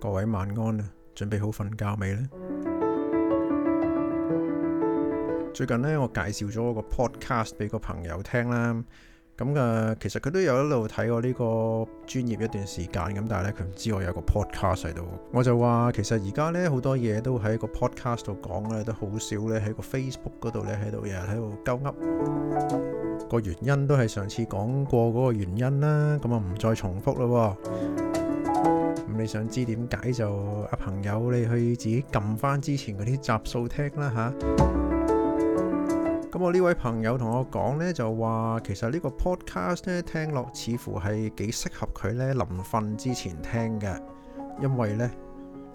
各位晚安啊！準備好瞓覺未呢？最近呢，我介紹咗個 podcast 俾個朋友聽啦。咁啊，其實佢都有一路睇我呢個專業一段時間，咁但係呢，佢唔知我有個 podcast 喺度。我就話，其實而家呢，好多嘢都喺個 podcast 度講呢都好少呢喺個 Facebook 嗰度呢喺度日日喺度鳩噏。個原因都係上次講過嗰個原因啦，咁啊唔再重複咯。咁你想知點解就阿朋友，你去自己撳翻之前嗰啲集數聽啦吓，咁我呢位朋友同我講呢，就話其實呢個 podcast 咧聽落似乎係幾適合佢呢臨瞓之前聽嘅，因為呢，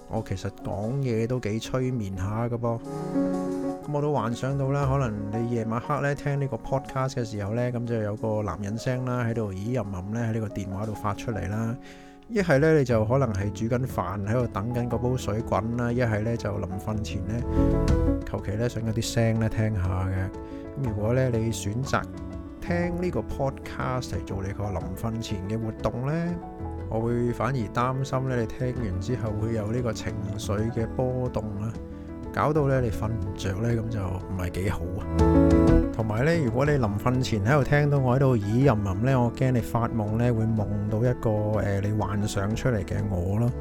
我其實講嘢都幾催眠下嘅噃。我都幻想到啦，可能你夜晚黑咧聽呢個 podcast 嘅時候呢，咁就有個男人聲啦喺度，咦吟吟咧喺呢個電話度發出嚟啦。一係呢，你就可能係煮緊飯喺度等緊嗰煲水滾啦，一係呢，就臨瞓前呢，求其呢，想有啲聲呢聽下嘅。咁如果呢，你選擇聽呢個 podcast 嚟做你個臨瞓前嘅活動呢，我會反而擔心呢，你聽完之後會有呢個情緒嘅波動啦。搞到咧你瞓唔着咧，咁就唔係幾好啊。同埋咧，如果你臨瞓前喺度聽到我喺度咦吟吟咧，我驚你發夢咧會夢到一個誒、呃、你幻想出嚟嘅我咯。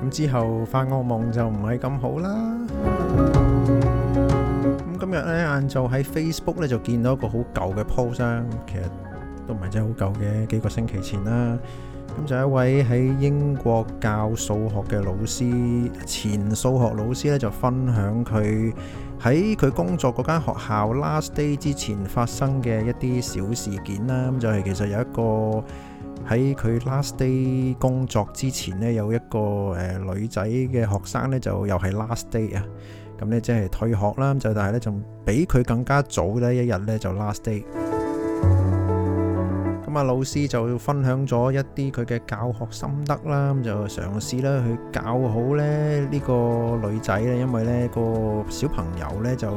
咁之後發惡夢就唔係咁好啦。咁今日咧晏晝喺 Facebook 咧就見到一個好舊嘅 post 啊，其實都唔係真係好舊嘅，幾個星期前啦。咁就一位喺英國教數學嘅老師，前數學老師咧就分享佢喺佢工作嗰間學校 last day 之前發生嘅一啲小事件啦。咁就係其實有一個喺佢 last day 工作之前呢，有一個誒、呃、女仔嘅學生呢，就又係 last day 啊。咁呢即係退學啦。咁就但係呢，就比佢更加早呢一日呢，就 last day。阿老師就分享咗一啲佢嘅教學心得啦，咁就嘗試啦去教好咧呢個女仔咧，因為咧個小朋友咧就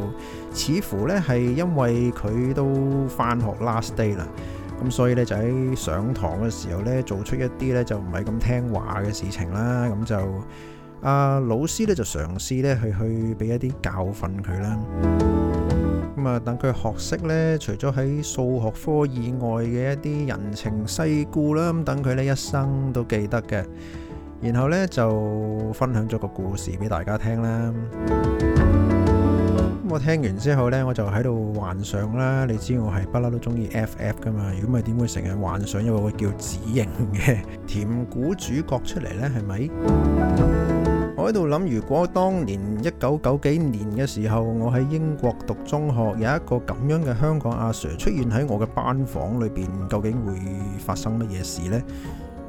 似乎咧係因為佢都返學 last day 啦，咁所以咧就喺上堂嘅時候咧做出一啲咧就唔係咁聽話嘅事情啦，咁就阿老師咧就嘗試咧去去俾一啲教訓佢啦。咁啊，等佢學識咧，除咗喺數學科以外嘅一啲人情世故啦，咁等佢咧一生都記得嘅。然後咧就分享咗個故事俾大家聽啦。咁我聽完之後咧，我就喺度幻想啦。你知我係不嬲都中意 FF 噶嘛？如果唔係，點會成日幻想有個叫子型嘅甜古主角出嚟咧？係咪？我喺度諗，如果當年一九九幾年嘅時候，我喺英國讀中學，有一個咁樣嘅香港阿 Sir 出現喺我嘅班房裏邊，究竟會發生乜嘢事呢？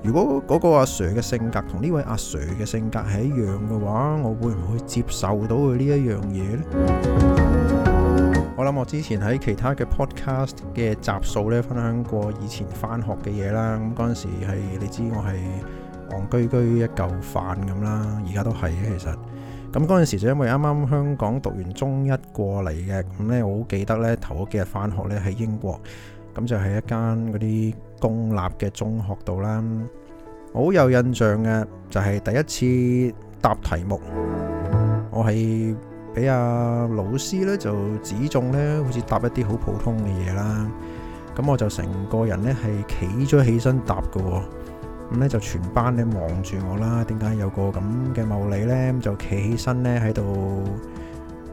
如果嗰個阿 Sir 嘅性格同呢位阿 Sir 嘅性格係一樣嘅話，我會唔會接受到佢呢一樣嘢呢？我諗我之前喺其他嘅 podcast 嘅集數咧，分享過以前翻學嘅嘢啦。咁嗰陣時係你知我係。戇居居一嚿飯咁啦，而家都係嘅其實。咁嗰陣時就因為啱啱香港讀完中一過嚟嘅，咁呢，我好記得呢頭嗰幾日返學呢喺英國，咁就喺一間嗰啲公立嘅中學度啦。好有印象嘅就係、是、第一次答題目，我係俾阿老師呢就指中呢，好似答一啲好普通嘅嘢啦。咁我就成個人呢係企咗起身答㗎。咁咧就全班咧望住我啦，點解有個咁嘅茂利咧就企起身咧喺度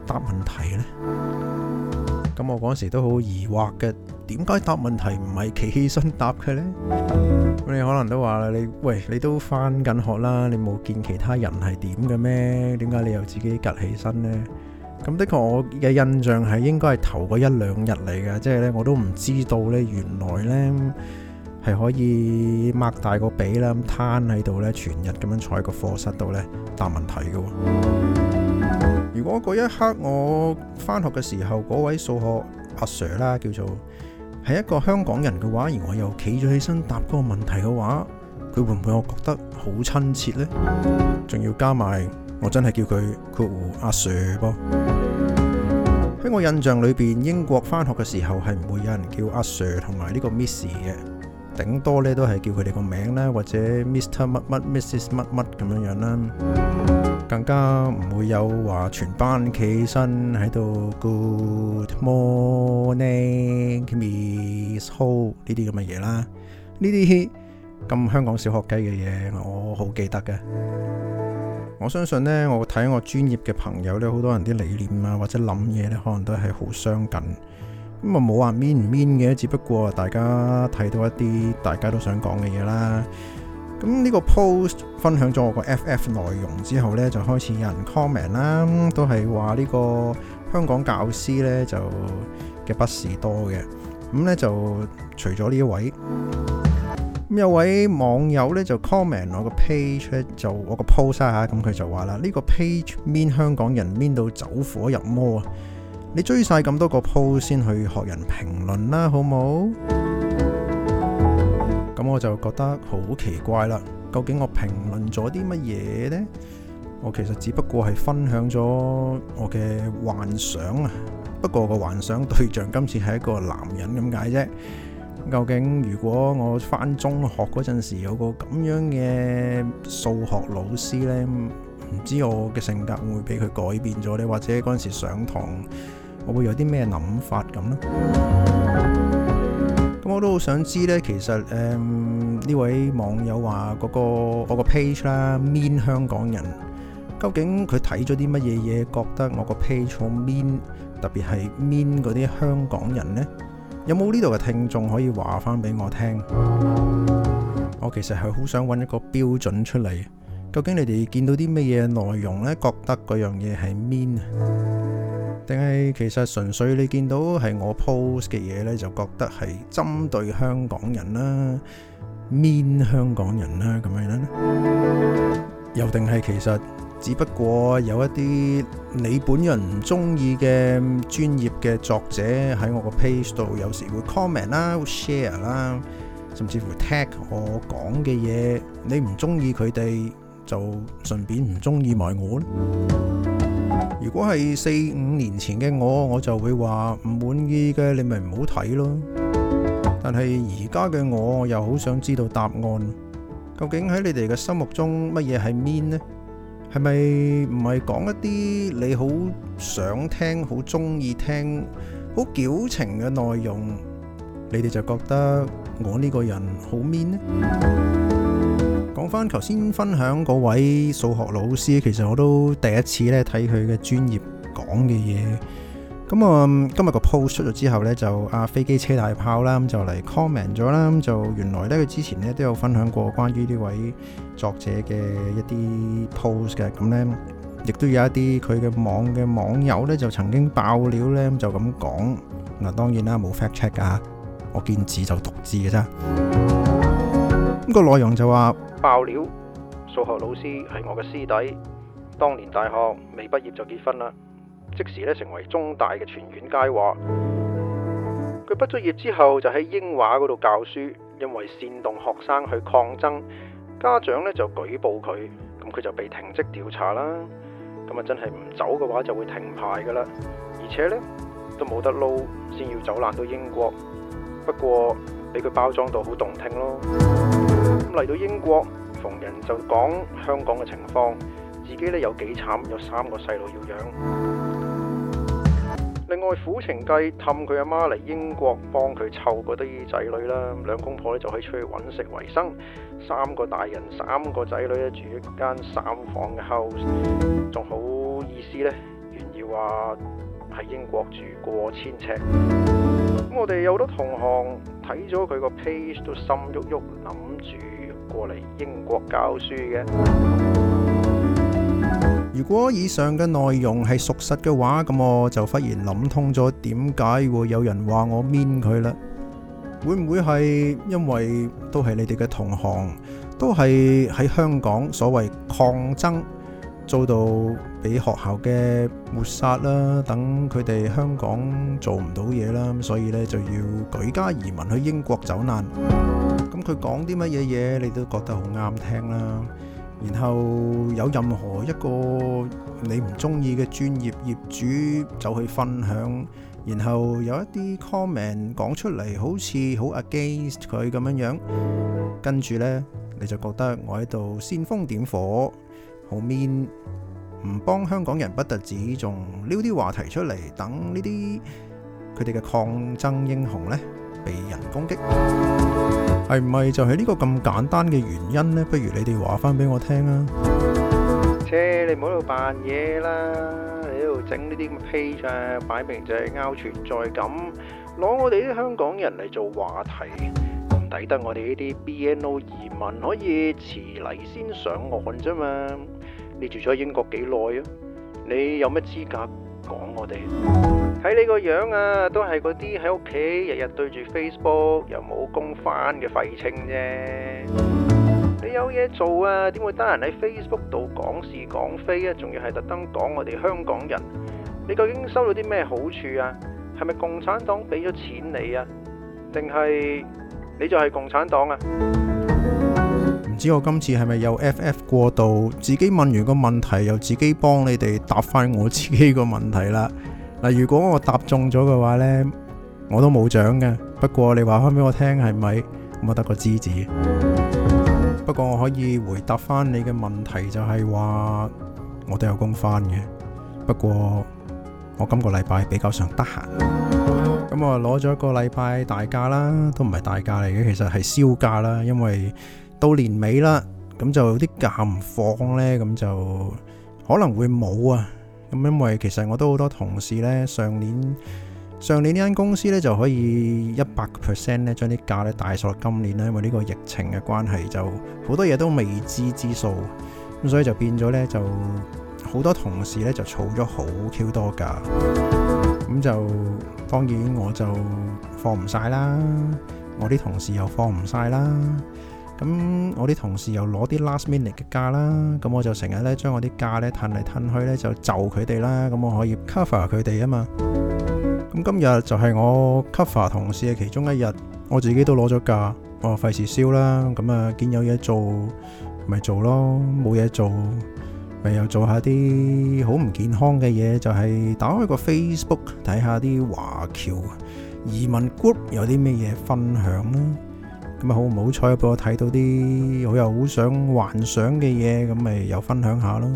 答問題咧？咁我嗰時都好疑惑嘅，點解答問題唔係企起身答佢咧？你可能都話啦，你喂你都翻緊學啦，你冇見其他人係點嘅咩？點解你又自己趌起身咧？咁的確我嘅印象係應該係頭嗰一兩日嚟嘅，即係咧我都唔知道咧原來咧。係可以擘大個鼻啦，咁攤喺度呢，全日咁樣坐喺個課室度呢，答問題嘅。如果嗰一刻我返學嘅時候，嗰位數學阿 Sir 啦，叫做係一個香港人嘅話，而我又企咗起身答嗰個問題嘅話，佢會唔會我覺得好親切呢？仲要加埋我真係叫佢括弧阿 Sir 噃。喺我印象裏邊，英國返學嘅時候係唔會有人叫阿 Sir 同埋呢個 Miss 嘅。頂多咧都係叫佢哋個名啦，或者 Mr 乜乜、Mrs 乜乜咁樣樣啦，更加唔會有話全班企身喺度 Good morning, Miss Ho 呢啲咁嘅嘢啦，呢啲咁香港小學雞嘅嘢我好記得嘅。我相信呢，我睇我專業嘅朋友呢，好多人啲理念啊，或者諗嘢呢，可能都係好相近。咁啊冇話 mean 唔 mean 嘅，只不過大家睇到一啲大家都想講嘅嘢啦。咁呢個 post 分享咗我個 FF 內容之後呢，就開始有人 comment 啦，都係話呢個香港教師呢，就嘅不是多嘅。咁呢就除咗呢一位，咁有位網友呢，就 comment 我個 page 就我個 post 啊吓，咁佢就話啦，呢個 page mean 香港人 mean 到走火入魔啊！你追晒咁多個鋪先去學人評論啦，好冇？咁我就覺得好奇怪啦，究竟我評論咗啲乜嘢呢？我其實只不過係分享咗我嘅幻想啊，不過個幻想對象今次係一個男人咁解啫。究竟如果我返中學嗰陣時有個咁樣嘅數學老師呢，唔知我嘅性格會唔會俾佢改變咗呢？或者嗰陣時上堂，我會有啲咩諗法咁呢？咁、嗯、我都好想知呢。其實誒呢、嗯、位網友話嗰、嗰個我個 page 啦 mean 香港人，究竟佢睇咗啲乜嘢嘢，覺得我個 page 好 mean，特別係 mean 嗰啲香港人呢？有冇呢度嘅聽眾可以話翻俾我聽？我其實係好想揾一個標準出嚟。究竟你哋見到啲咩嘢內容呢？覺得嗰樣嘢係 mean 啊？定係其實純粹你見到係我 post 嘅嘢呢，就覺得係針對香港人啦，mean 香港人啦咁樣呢？又定係其實只不過有一啲你本人唔中意嘅專業嘅作者喺我個 page 度，有時會 comment 啦，會 share 啦，甚至乎 tag 我講嘅嘢，你唔中意佢哋。就順便唔中意埋我咯。如果係四五年前嘅我，我就會話唔滿意嘅，你咪唔好睇咯。但係而家嘅我，我又好想知道答案，究竟喺你哋嘅心目中乜嘢係 mean 呢？係咪唔係講一啲你好想聽、好中意聽、好矯情嘅內容，你哋就覺得我呢個人好 mean 呢？講翻頭先分享嗰位數學老師，其實我都第一次咧睇佢嘅專業講嘅嘢，咁啊、嗯，今日個 post 出咗之後呢，就啊飛機車大炮啦，咁就嚟 comment 咗啦。咁就原來呢，佢之前呢都有分享過關於呢位作者嘅一啲 post 嘅。咁呢亦都有一啲佢嘅網嘅網友呢，就曾經爆料呢，就咁講嗱。當然啦，冇 fact check 啊，我見字就讀字嘅啫。咁個內容就話。爆料數學老師係我嘅師弟，當年大學未畢業就結婚啦，即時咧成為中大嘅全院佳話。佢畢咗業之後就喺英華嗰度教書，因為煽動學生去抗爭，家長咧就舉報佢，咁佢就被停職調查啦。咁啊真係唔走嘅話就會停牌噶啦，而且咧都冇得撈，先要走難到英國。不過俾佢包裝到好動聽咯。咁嚟到英國，逢人就講香港嘅情況，自己呢有幾慘，有三個細路要養。另外苦情雞氹佢阿媽嚟英國幫佢湊嗰啲仔女啦，兩公婆呢就可以出去揾食為生。三個大人，三個仔女咧住一間三房嘅 house，仲好意思呢？炫耀話喺英國住過千尺。咁我哋有好多同行睇咗佢個 page 都心鬱鬱，諗住過嚟英國教書嘅。如果以上嘅內容係屬實嘅話，咁我就忽然諗通咗點解會有人話我 mean 佢啦。會唔會係因為都係你哋嘅同行，都係喺香港所謂抗爭遭到俾學校嘅抹殺啦，等佢哋香港做唔到嘢啦，所以呢就要舉家移民去英國走難。咁佢講啲乜嘢嘢，你都覺得好啱聽啦。然後有任何一個你唔中意嘅專業業主就去分享，然後有一啲 comment 講出嚟，好似好 against 佢咁樣樣。跟住呢，你就覺得我喺度煽風點火，好 mean，唔幫香港人，不特止，仲撩啲話題出嚟，等呢啲佢哋嘅抗爭英雄呢。俾人攻擊，係唔係就係呢個咁簡單嘅原因咧？不如你哋話翻俾我聽啊！切，你唔好喺度扮嘢啦！你喺度整呢啲咁嘅 page，擺明就係拗存在感，攞我哋啲香港人嚟做話題，唔抵得我哋呢啲 BNO 移民可以遲嚟先上岸啫嘛！你住咗英國幾耐啊？你有乜資格？講我哋睇你個樣啊，都係嗰啲喺屋企日日對住 Facebook 又冇工返嘅廢青啫。你有嘢做啊？點會得閒喺 Facebook 度講是講非啊？仲要係特登講我哋香港人？你究竟收到啲咩好處啊？係咪共產黨俾咗錢你啊？定係你就係共產黨啊？知我今次係咪有 FF 過度？自己問完個問題，又自己幫你哋答翻我自己個問題啦。嗱，如果我答中咗嘅話呢，我都冇獎嘅。不過你話翻俾我聽，係咪咁啊？我得個知字。不過我可以回答翻你嘅問題就是說，就係話我都有工翻嘅。不過我今個禮拜比較常得閒。咁我攞咗一個禮拜大假啦，都唔係大假嚟嘅，其實係燒假啦，因為，到年尾啦，咁就有啲假唔放呢，咁就可能會冇啊。咁因為其實我都好多同事呢，上年上年呢間公司呢就可以一百個 percent 呢將啲假呢帶晒落今年呢，因為呢個疫情嘅關係就好多嘢都未知之數，咁所以就變咗呢，就好多同事呢就儲咗好 Q 多假，咁就當然我就放唔晒啦，我啲同事又放唔晒啦。咁我啲同事又攞啲 last minute 嘅假啦，咁我就成日咧將我啲假咧褪嚟褪去咧就就佢哋啦，咁我可以 cover 佢哋啊嘛。咁今日就係我 cover 同事嘅其中一日，我自己都攞咗假，我費事燒啦。咁啊見有嘢做咪做咯，冇嘢做咪又做下啲好唔健康嘅嘢，就係打開個 Facebook 睇下啲華僑移民 group 有啲咩嘢分享啦。咁啊好唔好彩啊！俾我睇到啲我又好想幻想嘅嘢，咁咪又分享下咯。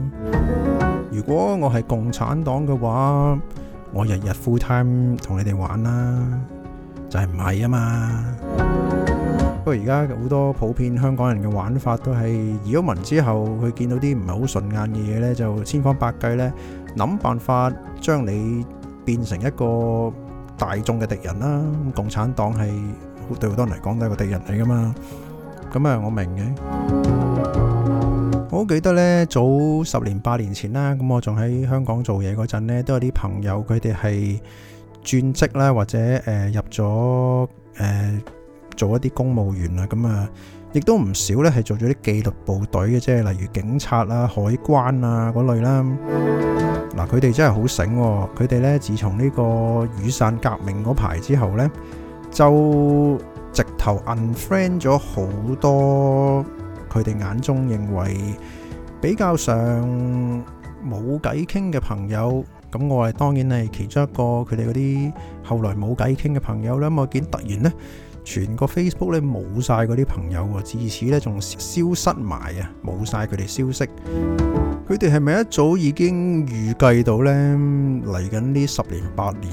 如果我係共產黨嘅話，我日日 full time 同你哋玩啦，就係唔係啊嘛？不過而家好多普遍香港人嘅玩法都係，移咗民之後，佢見到啲唔係好順眼嘅嘢呢，就千方百計呢諗辦法將你變成一個大眾嘅敵人啦。共產黨係。對好多人嚟講都係個敵人嚟噶嘛，咁啊我明嘅。我記得呢早十年八年前啦，咁我仲喺香港做嘢嗰陣呢，都有啲朋友佢哋係轉職啦，或者誒入咗誒做一啲公務員啊，咁啊亦都唔少呢係做咗啲紀律部隊嘅，即係例如警察啊、海關啊嗰類啦。嗱佢哋真係好醒，佢哋呢自從呢個雨傘革命嗰排之後呢，就直頭 unfriend 咗好多佢哋眼中認為比較上冇偈傾嘅朋友，咁我係當然係其中一個佢哋嗰啲後來冇偈傾嘅朋友啦。我見突然咧，全個 Facebook 咧冇晒嗰啲朋友，自此咧仲消失埋啊，冇晒佢哋消息。佢哋係咪一早已經預計到咧嚟緊呢十年八年？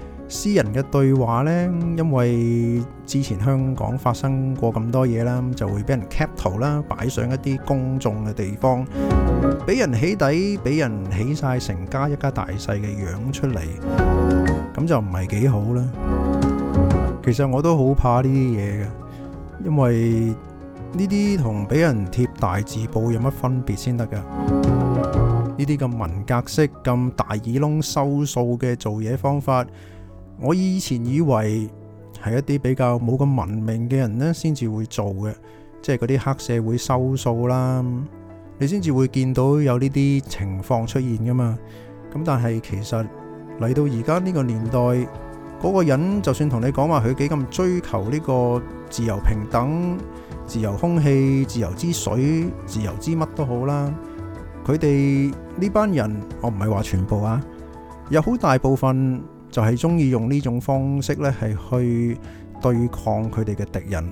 私人嘅對話呢，因為之前香港發生過咁多嘢啦，就會俾人 cap 圖啦，擺上一啲公眾嘅地方，俾人起底，俾人起曬成家一家大細嘅樣出嚟，咁就唔係幾好啦。其實我都好怕呢啲嘢嘅，因為呢啲同俾人貼大字報有乜分別先得噶？呢啲咁文革式咁大耳窿收數嘅做嘢方法。我以前以為係一啲比較冇咁文明嘅人咧，先至會做嘅，即係嗰啲黑社會收數啦，你先至會見到有呢啲情況出現㗎嘛。咁但係其實嚟到而家呢個年代，嗰個人就算同你講話，佢幾咁追求呢個自由平等、自由空氣、自由之水、自由之乜都好啦，佢哋呢班人，我唔係話全部啊，有好大部分。就係中意用呢種方式咧，係去對抗佢哋嘅敵人。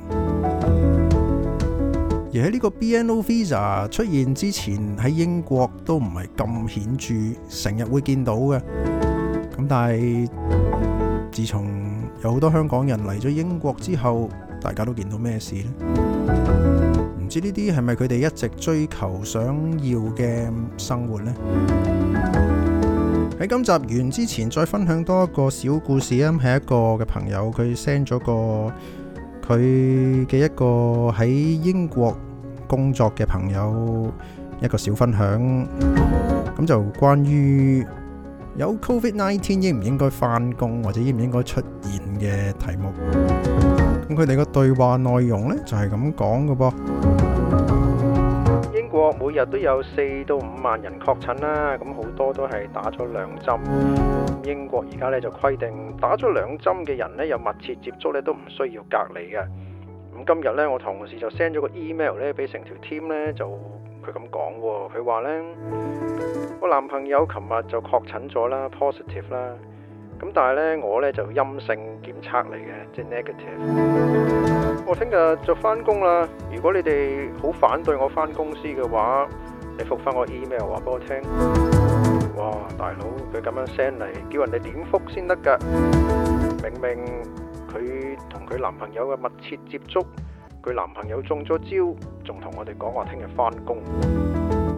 而喺呢個 BNO Visa 出現之前，喺英國都唔係咁顯著，成日會見到嘅。咁但係，自從有好多香港人嚟咗英國之後，大家都見到咩事呢？唔知呢啲係咪佢哋一直追求想要嘅生活呢？喺今集完之前，再分享多一個小故事啊，係一個嘅朋友，佢 send 咗個佢嘅一個喺英國工作嘅朋友一個小分享，咁就關於有 COVID-19 應唔應該返工或者應唔應該出現嘅題目。咁佢哋嘅對話內容呢，就係咁講嘅噃。每日都有四到五萬人確診啦，咁好多都係打咗兩針。英國而家咧就規定打咗兩針嘅人咧有密切接觸咧都唔需要隔離嘅。咁今日咧我同事就 send 咗個 email 咧俾成條 team 咧，就佢咁講，佢話咧，我男朋友琴日就確診咗啦，positive 啦。咁但係咧我咧就陰性檢測嚟嘅，即係 negative。我聽日就返工啦。如果你哋好反對我返公司嘅話，你覆翻我 email 話俾我聽。哇，大佬佢咁樣 send 嚟，叫人哋點覆先得噶？明明佢同佢男朋友嘅密切接觸，佢男朋友中咗招，仲同我哋講話聽日返工，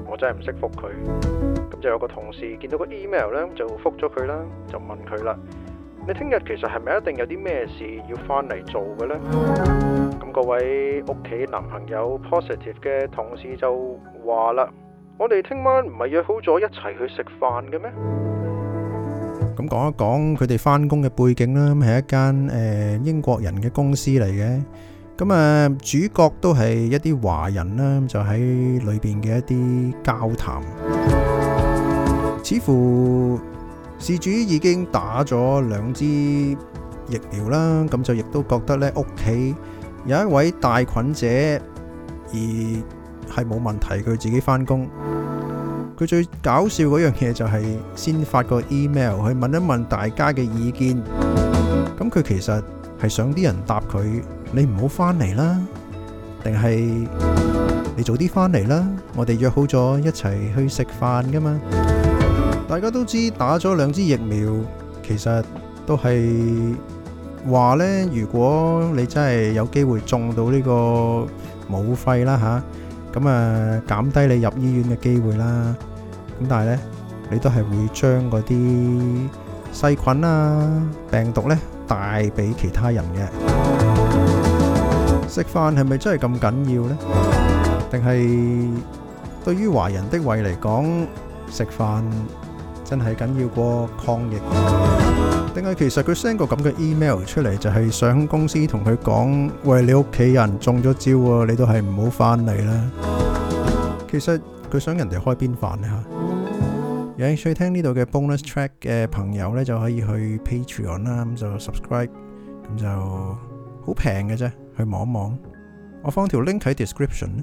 我真係唔識覆佢。咁就有個同事見到個 email 咧，就覆咗佢啦，就問佢啦。你聽日其實係咪一定有啲咩事要返嚟做嘅呢？咁各位屋企男朋友 positive 嘅同事就話啦：我哋聽晚唔係約好咗一齊去食飯嘅咩？咁講一講佢哋返工嘅背景啦。咁係一間誒英國人嘅公司嚟嘅。咁啊主角都係一啲華人啦。咁就喺裏邊嘅一啲交談，似乎。事主已經打咗兩支疫苗啦，咁就亦都覺得呢屋企有一位大菌者而係冇問題，佢自己返工。佢最搞笑嗰樣嘢就係先發個 email 去問一問大家嘅意見，咁佢其實係想啲人答佢：你唔好返嚟啦，定係你早啲返嚟啦？我哋約好咗一齊去食飯噶嘛。大家都知打咗兩支疫苗，其實都係話呢，如果你真係有機會中到呢個武肺啦吓，咁啊減低你入醫院嘅機會啦。咁但係呢，你都係會將嗰啲細菌啊病毒呢帶俾其他人嘅。食飯係咪真係咁緊要呢？定係對於華人的胃嚟講，食飯？真係緊要過抗疫，定係其實佢 send 個咁嘅 email 出嚟，就係想公司同佢講，喂，你屋企人中咗招喎，你都係唔好返嚟啦。其實佢想人哋開邊飯嚇？有興趣聽呢度嘅 bonus track 嘅朋友呢，就可以去 Patreon 啦，咁就 subscribe，咁就好平嘅啫，去望一望。我放條 link 喺 description。